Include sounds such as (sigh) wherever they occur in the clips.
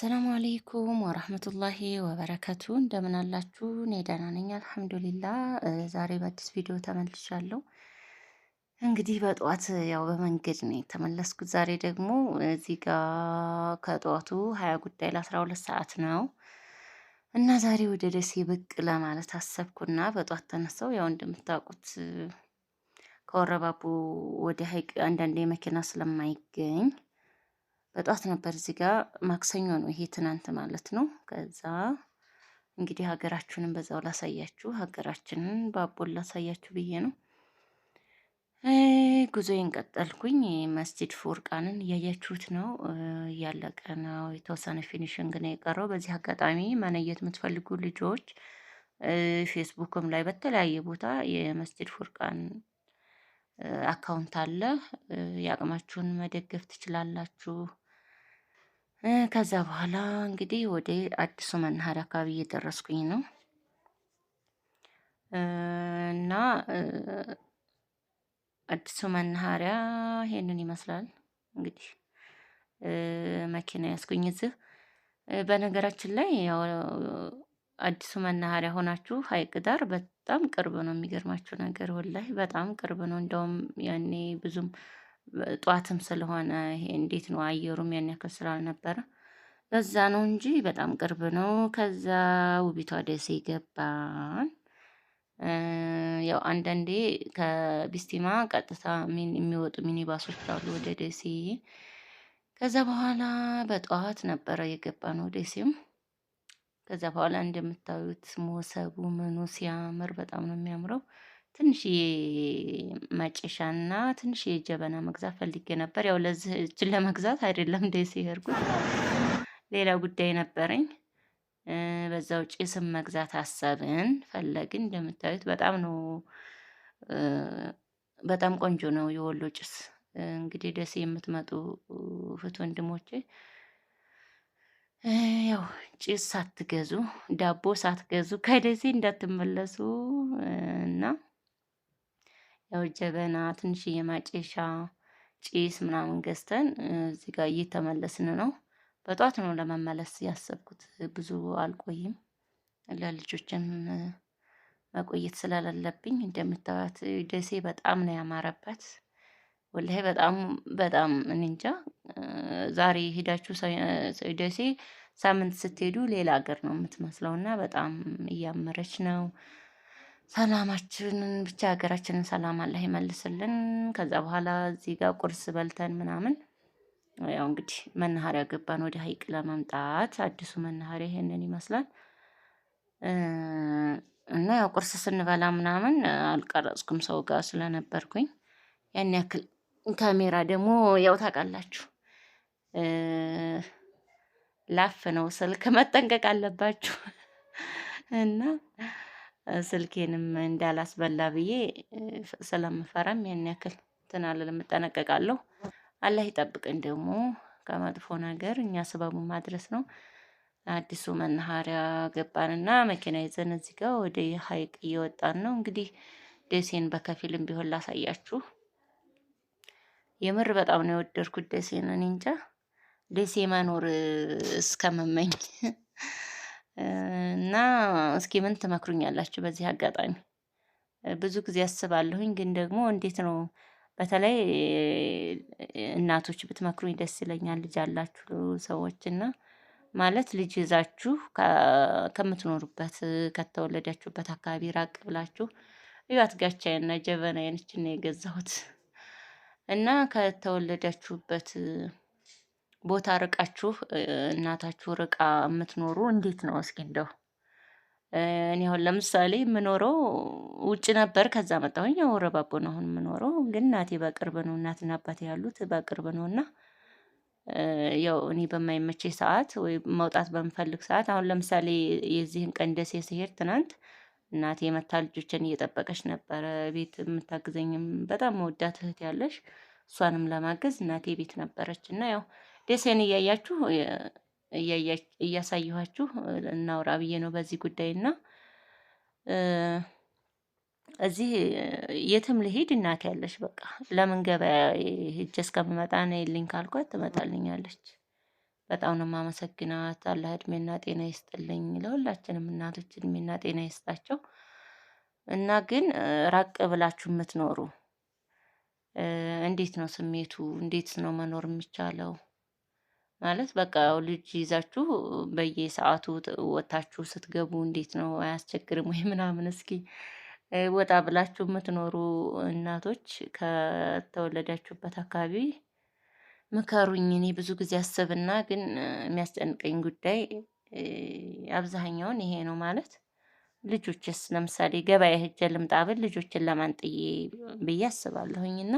አሰላሙ አሌይኩም ወራህመቱላሂ ወበረከቱ። እንደምን አላችሁ? እኔ ደህና ነኝ አልሐምዱሊላ። ዛሬ በአዲስ ቪዲዮ ተመልሻለሁ። እንግዲህ በጠዋት ያው በመንገድ ነው የተመለስኩት። ዛሬ ደግሞ እዚህ ጋር ከጠዋቱ ሀያ ጉዳይ ለአስራ ሁለት ሰዓት ነው እና ዛሬ ወደ ደሴ ብቅ ለማለት አሰብኩና በጠዋት ተነሳው ያው እንደምታውቁት ከወረባቡ ወደ ሀይቅ አንዳንድ የመኪና ስለማይገኝ በጧት ነበር እዚህ ጋር ማክሰኞ ነው ይሄ ትናንት ማለት ነው። ከዛ እንግዲህ ሀገራችንን በዛው ላሳያችሁ፣ ሀገራችንን በአቦል ላሳያችሁ ብዬ ነው ጉዞዬን ቀጠልኩኝ። መስጂድ ፎርቃንን እያያችሁት ነው፣ እያለቀ ነው። የተወሰነ ፊኒሽንግ ነው የቀረው። በዚህ አጋጣሚ መነየት የምትፈልጉ ልጆች ፌስቡክም ላይ በተለያየ ቦታ የመስጂድ ፎርቃን አካውንት አለ። የአቅማችሁን መደገፍ ትችላላችሁ። ከዛ በኋላ እንግዲህ ወደ አዲሱ መናኸሪያ አካባቢ እየደረስኩኝ ነው እና አዲሱ መናኸሪያ ይሄንን ይመስላል። እንግዲህ መኪና ያስኩኝ እዚህ። በነገራችን ላይ ያው አዲሱ መናኸሪያ ሆናችሁ ሀይቅ ዳር በጣም ቅርብ ነው። የሚገርማችሁ ነገር ወላሂ በጣም ቅርብ ነው። እንደውም ያኔ ብዙም ጧትም ስለሆነ ይሄ እንዴት ነው አየሩም ያን ያክል ስላልነበረ በዛ ነው እንጂ በጣም ቅርብ ነው። ከዛ ውቢቷ ደሴ ገባን። ያው አንዳንዴ ከቢስቲማ ቀጥታ የሚወጡ ሚኒባሶች አሉ ወደ ደሴ። ከዛ በኋላ በጠዋት ነበረ የገባ ነው ደሴም። ከዛ በኋላ እንደምታዩት ሞሰቡ ምኑ ሲያምር በጣም ነው የሚያምረው። ትንሽ መጨሻና ትንሽ የጀበና መግዛት ፈልጌ ነበር። ያው ለዚህ እችን ለመግዛት አይደለም ደሴ ሄድኩት፣ ሌላ ጉዳይ ነበረኝ። በዛው ጭስም መግዛት አሰብን ፈለግን። እንደምታዩት በጣም ነው በጣም ቆንጆ ነው የወሎ ጭስ። እንግዲህ ደሴ የምትመጡ እህት ወንድሞቼ ያው ጭስ ሳትገዙ ዳቦ ሳትገዙ ከደሴ እንዳትመለሱ እና ያው ጀበና፣ ትንሽዬ ማጨሻ፣ ጭስ ምናምን ገዝተን እዚህ ጋር እየተመለስን ነው። በጧት ነው ለመመለስ ያሰብኩት። ብዙ አልቆይም ለልጆችን መቆየት ስላላለብኝ። እንደምታዩት ደሴ በጣም ነው ያማረባት ወላሂ በጣም በጣም እንጃ። ዛሬ ሄዳችሁ ደሴ ሳምንት ስትሄዱ ሌላ ሀገር ነው የምትመስለው እና በጣም እያመረች ነው። ሰላማችንን ብቻ ሀገራችንን ሰላም አላህ ይመልስልን። ከዛ በኋላ እዚህ ጋር ቁርስ በልተን ምናምን ያው እንግዲህ መናኸሪያ ገባን ወደ ሀይቅ ለመምጣት። አዲሱ መናኸሪያ ይሄንን ይመስላል እና ያው ቁርስ ስንበላ ምናምን አልቀረጽኩም ሰው ጋር ስለነበርኩኝ ያን ያክል ካሜራ ደግሞ ያው ታውቃላችሁ ላፍ ነው ስልክ መጠንቀቅ አለባችሁ እና ስልኬንም እንዳላስበላ ብዬ ስለምፈራም ያን ያክል ትናለ ለምጠነቀቃለሁ። እጠነቀቃለሁ። አላህ ይጠብቅን ደግሞ ከመጥፎ ነገር እኛ ስበቡ ማድረስ ነው። አዲሱ መናኸሪያ ገባንና መኪና ይዘን እዚህ ጋር ወደ ሀይቅ እየወጣን ነው። እንግዲህ ደሴን በከፊልም ቢሆን ላሳያችሁ። የምር በጣም ነው የወደድኩት ደሴን። እኔ እንጃ ደሴ መኖር እስከመመኝ (laughs) እና እስኪ ምን ትመክሩኛላችሁ? በዚህ አጋጣሚ ብዙ ጊዜ አስባለሁኝ፣ ግን ደግሞ እንዴት ነው በተለይ እናቶች ብትመክሩኝ ደስ ይለኛል። ልጅ አላችሁ ሰዎች እና ማለት ልጅ ይዛችሁ ከምትኖሩበት ከተወለዳችሁበት አካባቢ ራቅ ብላችሁ እዩት። ጋቻዬና ጀበናዬን እችን ነው የገዛሁት እና ከተወለዳችሁበት ቦታ ርቃችሁ እናታችሁ ርቃ የምትኖሩ እንዴት ነው እስኪ እንደው እኔ አሁን ለምሳሌ የምኖረው ውጭ ነበር። ከዛ መጣሁኝ። ያው ረባቦ ነው አሁን የምኖረው፣ ግን እናቴ በቅርብ ነው እናትና አባቴ ያሉት በቅርብ ነው እና ያው እኔ በማይመቼ ሰዓት ወይ መውጣት በምፈልግ ሰዓት አሁን ለምሳሌ የዚህን ቀን ደሴ ስሄድ ትናንት እናቴ መታ ልጆችን እየጠበቀች ነበረ። ቤት የምታግዘኝም በጣም መወዳት እህት ያለሽ እሷንም ለማገዝ እናቴ ቤት ነበረች እና ያው ደሴን እያያችሁ እያሳየኋችሁ እናውራ ብዬ ነው በዚህ ጉዳይ እና እዚህ የትም ልሄድ እናት ያለች በቃ ለምን ገበያ ሂጅ እስከምመጣ ነው የልኝ ካልኳት ትመጣልኛለች። በጣም ነው የማመሰግናት። አላህ እድሜና ጤና ይስጥልኝ። ለሁላችንም እናቶች እድሜና ጤና ይስጣቸው እና ግን ራቅ ብላችሁ የምትኖሩ እንዴት ነው ስሜቱ? እንዴት ነው መኖር የሚቻለው? ማለት በቃ ልጅ ይዛችሁ በየሰዓቱ ወታችሁ ስትገቡ እንዴት ነው አያስቸግርም ወይ (laughs) ምናምን? እስኪ ወጣ ብላችሁ የምትኖሩ እናቶች ከተወለዳችሁበት አካባቢ ምከሩኝ። እኔ ብዙ ጊዜ አስብና ግን የሚያስጨንቀኝ ጉዳይ አብዛኛውን ይሄ ነው ማለት ልጆችስ ለምሳሌ ገበያ ሄጄ ልምጣ ብል ልጆችን ለማን ጥዬ ብዬ አስባለሁኝና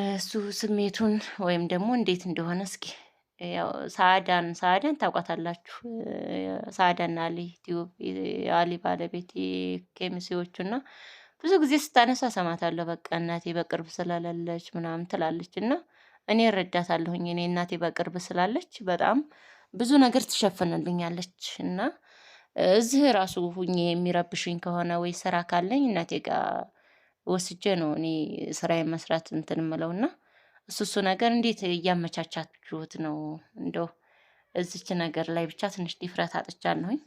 እሱ ስሜቱን ወይም ደግሞ እንዴት እንደሆነ እስኪ ያው ሳዳን ሳዳን ታውቋታላችሁ። ሳዳን አሊ ቲዩብ አሊ ባለቤት ኬሚሲዎቹ እና ብዙ ጊዜ ስታነሳ ሰማታለሁ። በቃ እናቴ በቅርብ ስላለለች ምናምን ትላለች እና እኔ እረዳታለሁኝ። እኔ እናቴ በቅርብ ስላለች በጣም ብዙ ነገር ትሸፍንልኛለች እና እዚህ ራሱ ሁኜ የሚረብሽኝ ከሆነ ወይ ስራ ካለኝ እናቴ ጋር ወስጄ ነው እኔ ስራዬን መስራት እንትን ምለውና እሱ እሱ ነገር እንዴት እያመቻቻችሁት ነው? እንደው እዚች ነገር ላይ ብቻ ትንሽ ዲፍረት አጥቻለሁኝ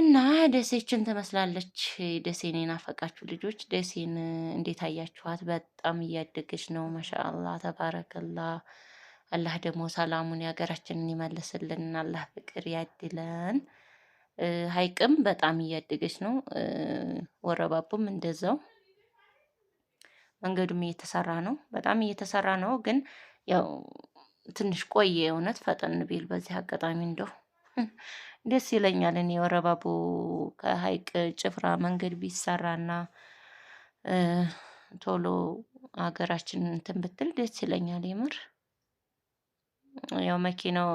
እና ደሴችን ትመስላለች። ደሴን የናፈቃችሁ ልጆች ደሴን እንዴት አያችኋት? በጣም እያደገች ነው። ማሻአላ ተባረከላ። አላህ ደግሞ ሰላሙን የሀገራችንን ይመልስልን። አላህ ፍቅር ያድለን። ሀይቅም በጣም እያደገች ነው። ወረባቡም እንደዛው መንገዱም እየተሰራ ነው፣ በጣም እየተሰራ ነው። ግን ያው ትንሽ ቆየ። እውነት ፈጠን ቢል በዚህ አጋጣሚ እንደው ደስ ይለኛል። እኔ ወረባቦ ከሀይቅ ጭፍራ መንገድ ቢሰራና ቶሎ ሀገራችን እንትን ብትል ደስ ይለኛል። የምር ያው መኪናው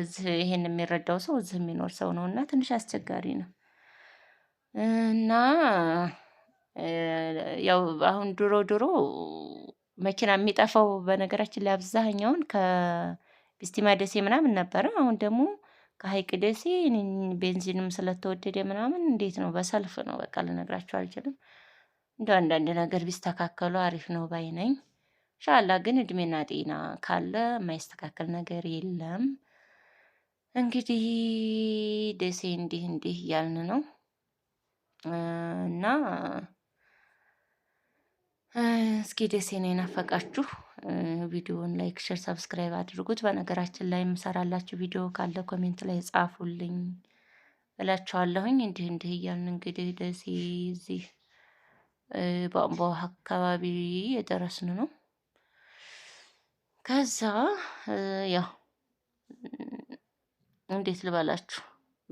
እዚህ ይሄን የሚረዳው ሰው እዚህ የሚኖር ሰው ነው እና ትንሽ አስቸጋሪ ነው እና ያው አሁን ድሮ ድሮ መኪና የሚጠፋው በነገራችን ላይ አብዛኛውን ከቢስቲማ ደሴ ምናምን ነበረ። አሁን ደግሞ ከሀይቅ ደሴ ቤንዚንም ስለተወደደ ምናምን እንዴት ነው በሰልፍ ነው። በቃ ልነግራቸው አልችልም። እንደ አንዳንድ ነገር ቢስተካከሉ አሪፍ ነው ባይ ነኝ። ሻላ ግን እድሜና ጤና ካለ የማይስተካከል ነገር የለም። እንግዲህ ደሴ እንዲህ እንዲህ እያልን ነው እና እስኪ ደሴ ነው የናፈቃችሁ። ቪዲዮውን ላይክ፣ ሸር፣ ሰብስክራይብ አድርጉት። በነገራችን ላይ የምሰራላችሁ ቪዲዮ ካለ ኮሜንት ላይ ጻፉልኝ እላችኋለሁኝ። እንዲህ እንዲህ እያልን እንግዲህ ደሴ እዚህ ቧንቧ አካባቢ የደረስን ነው። ከዛ ያው እንዴት ልበላችሁ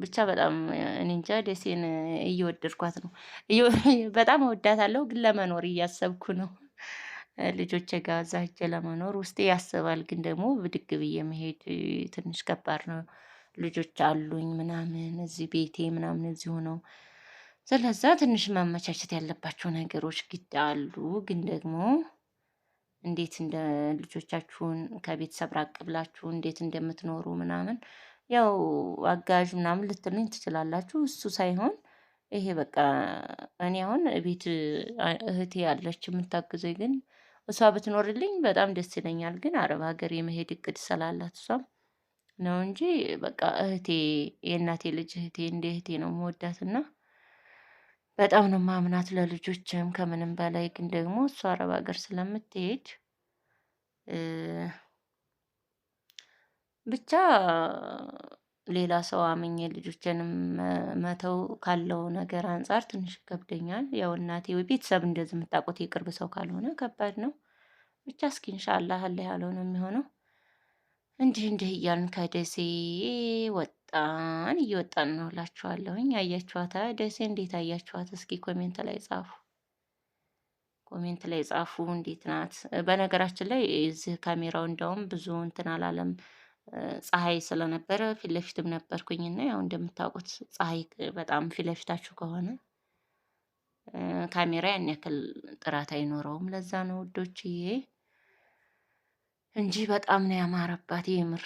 ብቻ በጣም እኔ እንጃ ደሴን እየወደድኳት ነው። (laughs) በጣም እወዳታለሁ፣ ግን ለመኖር እያሰብኩ ነው። ልጆቼ ጋር እዛ ሄጄ ለመኖር ውስጤ ያስባል፣ ግን ደግሞ ብድግ ብዬ መሄድ ትንሽ ከባድ ነው። ልጆች አሉኝ ምናምን እዚህ ቤቴ ምናምን እዚሁ ነው። ስለዛ ትንሽ ማመቻቸት ያለባቸው ነገሮች ግድ አሉ፣ ግን ደግሞ እንዴት እንደ ልጆቻችሁን ከቤተሰብ ራቅ ብላችሁ እንዴት እንደምትኖሩ ምናምን ያው አጋዥ ምናምን ልትሉኝ ትችላላችሁ። እሱ ሳይሆን ይሄ በቃ እኔ አሁን ቤት እህቴ ያለች የምታግዘኝ፣ ግን እሷ ብትኖርልኝ በጣም ደስ ይለኛል። ግን አረብ ሀገር የመሄድ እቅድ ስላላት እሷም ነው እንጂ በቃ እህቴ የእናቴ ልጅ እህቴ እንደ እህቴ ነው ና በጣም ነው ማምናት ለልጆችም ከምንም በላይ ግን ደግሞ እሷ አረብ ሀገር ስለምትሄድ ብቻ ሌላ ሰው አምኜ ልጆችንም መተው ካለው ነገር አንፃር ትንሽ ይከብደኛል። ያው እናቴ ወይ ቤተሰብ እንደዚህ የምታውቁት የቅርብ ሰው ካልሆነ ከባድ ነው። ብቻ እስኪ እንሻላ አለ ያለው ነው የሚሆነው። እንዲህ እንዲህ እያልን ከደሴ ወጣን እየወጣን ነው እላችኋለሁኝ። አያችኋታ ደሴ እንዴት አያችኋት? እስኪ ኮሜንት ላይ ጻፉ። ኮሜንት ላይ ጻፉ። እንዴት ናት? በነገራችን ላይ እዚህ ካሜራው እንደውም ብዙ እንትን አላለም ፀሐይ ስለነበረ ፊት ለፊትም ነበርኩኝና ያው እንደምታውቁት ፀሐይ በጣም ፊት ለፊታችሁ ከሆነ ካሜራ ያን ያክል ጥራት አይኖረውም። ለዛ ነው ውዶችዬ እንጂ በጣም ነው ያማረባት። የምር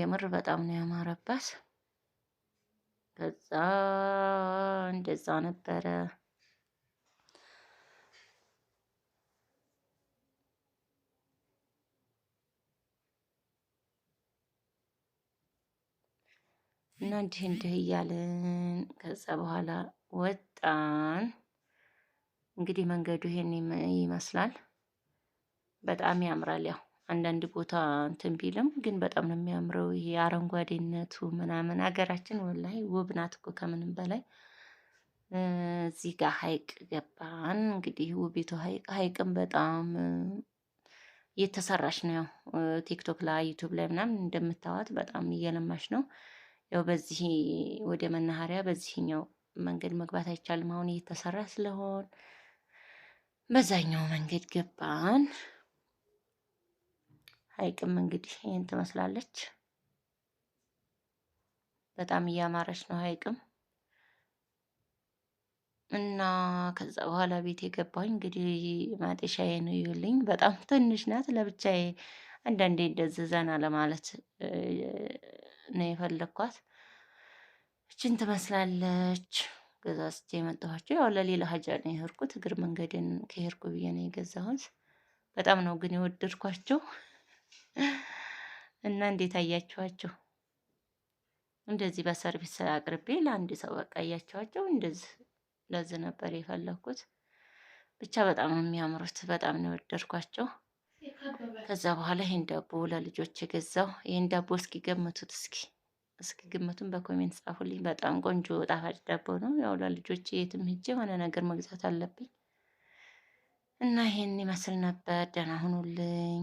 የምር በጣም ነው ያማረባት። ከዛ እንደዛ ነበረ። እና እንዲህ እንዲህ እያልን ከዛ በኋላ ወጣን። እንግዲህ መንገዱ ይሄን ይመስላል። በጣም ያምራል። ያው አንዳንድ ቦታ እንትን ቢልም ግን በጣም ነው የሚያምረው። ይሄ አረንጓዴነቱ ምናምን አገራችን ወላሂ ውብ ናት እኮ ከምንም በላይ። እዚህ ጋር ሀይቅ ገባን። እንግዲህ ውቢቱ ሀይቅ ሀይቅም በጣም እየተሰራች ነው። ያው ቲክቶክ ላይ ዩቱብ ላይ ምናምን እንደምታዋት በጣም እየለማች ነው። ያው በዚህ ወደ መናኸሪያ በዚህኛው መንገድ መግባት አይቻልም። አሁን እየተሰራ ስለሆን በዛኛው መንገድ ገባን። ሀይቅም እንግዲህ ይህን ትመስላለች። በጣም እያማረች ነው ሀይቅም እና ከዛ በኋላ ቤት የገባኝ እንግዲህ ማጤሻዬ ነው ይልኝ። በጣም ትንሽ ናት ለብቻዬ አንዳንዴ እንደዝዘና ለማለት ነው የፈለግኳት። እችን ትመስላለች። ገዛ ስቼ የመጣኋቸው ያው ለሌላ ሀጃ ነው የሄድኩት። እግር መንገድን ከሄድኩ ብዬ ነው የገዛሁት። በጣም ነው ግን የወደድኳቸው እና እንዴት አያችኋቸው? እንደዚህ በሰርቪስ አቅርቤ ለአንድ ሰው በቃ አያችኋቸው? እንደዚህ ለዚህ ነበር የፈለግኩት። ብቻ በጣም ነው የሚያምሩት። በጣም ነው የወደድኳቸው። ከዛ በኋላ ይህን ዳቦ ለልጆች የገዛው ይህን ዳቦ እስኪ ገምቱት። እስኪ እስኪ ግምቱን በኮሜንት ጻፉልኝ። በጣም ቆንጆ ጣፋጭ ዳቦ ነው። ያው ለልጆች የትም ሂጅ የሆነ ነገር መግዛት አለብኝ እና ይህን ይመስል ነበር። ደህና ሁኑልኝ።